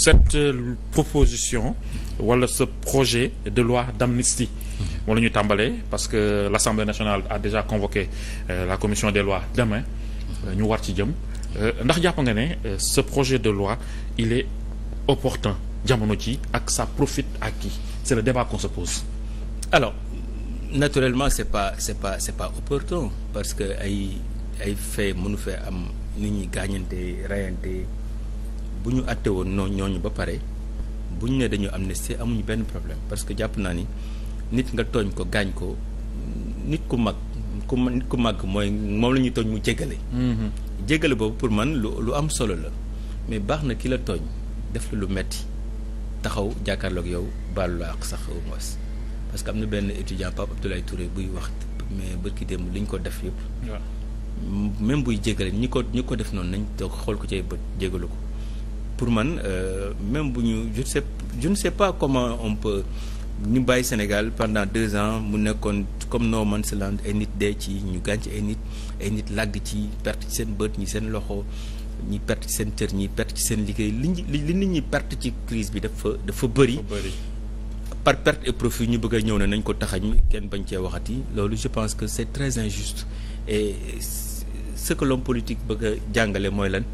cette euh, proposition wala ce projet de loi d'amnistie wala ñu tàmbalee parce que l'Assemblée nationale a déjà convoqué euh, la commission des lois demain euh, ñu war ci jëm ndax jàpp nga ne ce projet de loi il est opportun jamono ci ak ça profite à qui c'est le débat qu'on se pose alors naturellement c'est pas c'est pas c'est pas opportun parce que ay ay fait mënu fee am nit ñi gaañante rayante bu ñu àtte woon noo ñooñu ba pare bu ñu ne dañu amnistie amuñu benn problème parce que jàpp naa ni nit nga tooñ ko gaañ ko nit ku mag ku nit ku mag mooy moom la ñuy tooñ mu jégale mm-hmm. jégale boobu pour man lu lu am solo la mais baax na ki la tooñ def la lu metti taxaw jàkkaarloog yow baalu la ak sax au moins parce que am na benn étudiant Pape Abdoulaye Touré buy wax mais bërki démb li ñu ko def yëpp même buy jégale ñi ko ñi ko def noonu nañ toog xool ko ci bët jégalu ko pour man euh, même bu ñu je sais je ne sais pas comment on peut ñu bàyyi Sénégal pendant deux ans mu nekkoon comme no man's land ay nit dee ci ñu gaañ ci ay nit ay nit lagg ci perte ci seen bët ñi seen loxo ñi perte ci seen cër ñi perte ci seen liggéey li li nit ñi perte ci crise bi dafa dafa bëri par perte et profit ñu bëgg a ñëw ne nañ ko taxañ kenn bañ cee waxati loolu je pense que c'est très injuste et ce que politique bëgg a jàngale mooy lan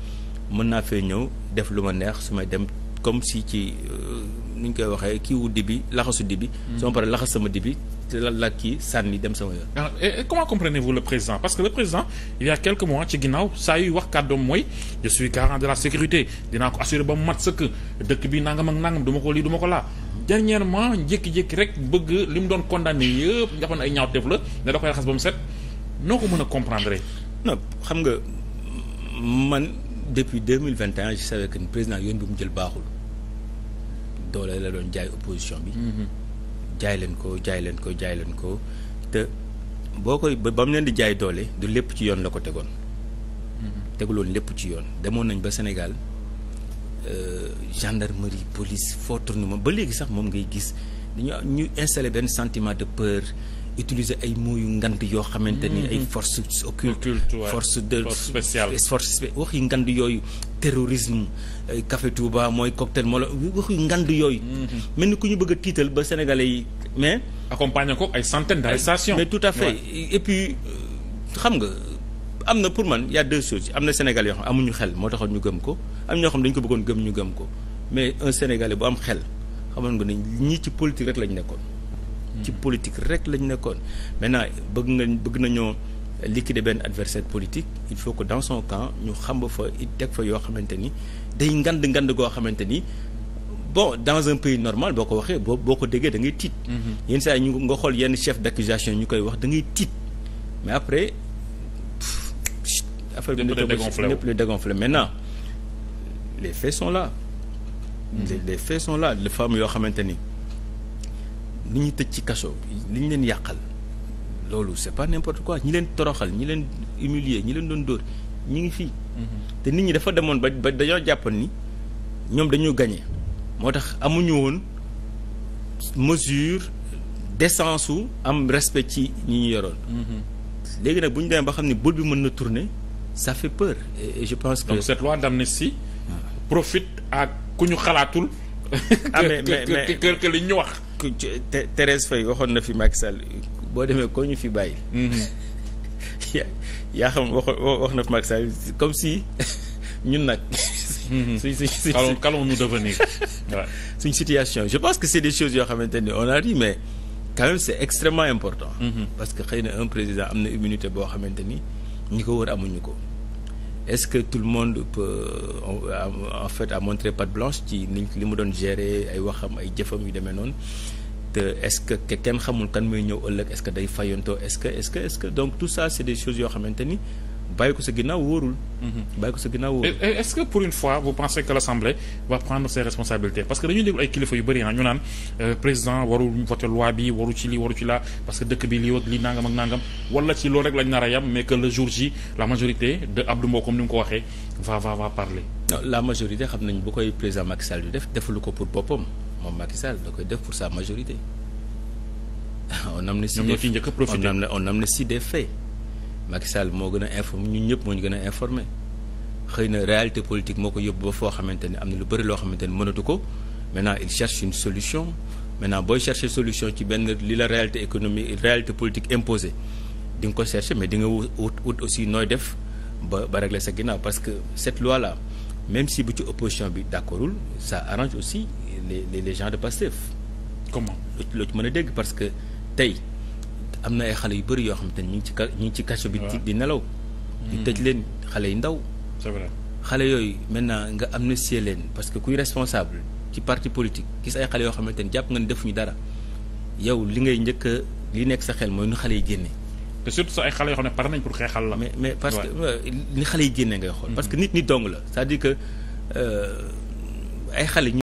mën naa fee ñëw def lu ma neex su may dem comme si ci euh, ni ñu koy waxee kii wu dibi laxasu dibi. Hmm. sama pare laxas sama dibi te la la kii sànni dem sama yoon. et comment le président parce que le président il y a quelques mois saa yuy wax mooy je suis ko assurer ba mu mat sëkk dëkk bi nangam ak nangam du ma ko lii ma ko laa. dernièrement jékki-jékki rek bëgg li mu doon condamné yëpp nga xam ay ñaawteef la ne da koy raxas ba mu set noo ko mën a comprendre. non xam nga man. depuis deux mille vingt et un je savais que président yoon bi mu jël baaxul doole la doon jaay opposition bi. Mhm. jaay leen ko jaay leen ko jaay leen ko te boo koy ba mu leen di jaay doole du lépp ci yoon la ko tegoon. Mhm. teguloon lépp ci yoon demoon nañ ba Sénégal euh, gendarmerie police foo nu ma ba léegi sax moom ngay gis dañu ñu installé benn sentiment de peur. utiliser ay mots yu ngand yoo xamante ni ay mm-hmm. forces occultes force de force wax yu ngand yooyu terrorisme Café Touba mooy cocktail moo la wax yu ngand yooyu mm-hmm. mel ni ku ñu bëgg a tiital ba sénégalais yi mais accompagné ko ay centaines d'arrestations mais tout à fait et puis euh, xam nga am na pour man y a deux choses am na sénégal yoo xam amuñu xel moo taxoon ñu gëm ko am ñoo xam dañ ko bëggoon gëm ñu gëm ko mais un sénégalais bu am xel xamoon nga ni ci politique rek lañ nekkoon ci politique rek lañ nekkoon maintenant bëgg nga bëgg nañoo liquider benn adversaire politique il faut que dans son camp ñu xamba fa it teg fa yoo xamante ni day ngand ngand goo xamante ni bon dans un pays normal boo ko waxee boo boo ko déggee da ngay tiit. Mhm. yenn saa yi ñu nga xool yenn chef d'accusation ñu koy wax da ngay tiit mais après affaire bi ñëpp lay dégonflé maintenant mhm. les faits sont la mhm. les faits sont là les femmes yoo xamante ni. li ñu tëj ci kaso li ñu leen yàqal loolu c'est pas n'importe quoi ñi leen toroxal ñi leen umilier ñi leen doon dóor ñi ngi fii mhm. te nit ñi dafa demoon ba ba dañoo jàppoon ni ñoom dañoo gañe moo tax amuñu woon mesure décence su am respect ci ñi ñu yoroon mhm. léegi nag bu ñu dem ba xam ne bul bi mën na tourner ça fait peur et je pense que donc cette loi d'amnistie ah. profite à ku ñu xalaatul ah mais mais que que li ñu wax Thérèse Faye waxoon na fi Macky Sall boo demee koo ñu fi bàyyi. Mhm. yaa xam wax wax na fi Macky comme si ñun nag. Mhm. suñ suñ suñ qu'allons-nous devenir suñ situation je pense que c'est des choses yoo xamante ni on a dit mais quand même c'est extrêmement important. Mhm. parce que xëy na un président am na immunité boo xamante ni ñi ko wër amuñu ko. est-ce que tout le monde peut en fait a montré patte blanche ci ni li mu doon gérer ay waxam ay jëfam yu demee noonu te est-ce que kenn xamul kan mooy ñëw ëllëg est-ce que day fayantoo est-ce que est-ce que donc tout ça c'est des choses yoo xamante ni bàyyi ko sa ginnaaw wóorul. Mhm. bàyyi ko sa ginnaaw wóorul. est-ce que pour une fois vous pensez que l'Assemblée va prendre ses responsabilités parce que dañuy déglu ay kilifa yu bëri ah ñu naan euh, président warul voter loi bi waru ci lii waru ci laa parce que dëkk bi li wak lii nangam ak nangam wala ci loolu rek lañ nar a yam mais que le jour J la majorité de Abdou Mbow comme ni mu ko waxee va va va parler. la majorité xam nañ boo koy président Macky Sall di def defalu ko pour boppam moom Macky Sall da koy def pour sa majorité. on amnistie on Macky Sall moo gën a informé ñun ñëpp moo ñu gën a informé xëy na réalité politique moo ko yóbbu ba foo xamante ne am na lu bëri loo xamante ne mënatu ko maintenant il cherche une solution maintenant booy chercher solution ci benn li la réalité économique réalité politique imposé di nga ko chercher mais di nga wut wut aussi nooy def ba ba régler sa ginnaaw parce que cette loi là même si bu ci opposition bi d'accordul ça arrange aussi les les, les gens de Pastef. comment lu ci mën a dégg parce que tey. am na ay xale yu bëri yoo xam te ñu ngi ci ka ñu ngi ci kaso bi di nelaw di hmm. tëj leen xale yu ndaw c'est vrai xale yooyu maintenant nga amnistier leen parce que kuy responsable ci parti politique gis ay xale yoo xamante ni jàpp nga ne defuñu dara yow li ngay njëkk li nekk sa xel mooy nu xale yi génne te surtout sa ay xale yoo xam ne pare nañ pour xeexal la. mais mais parce que ni euh, xale yi génne ngay xool. Hmm. parce que nit nit dong la c'est-à-dire que euh, ay xale.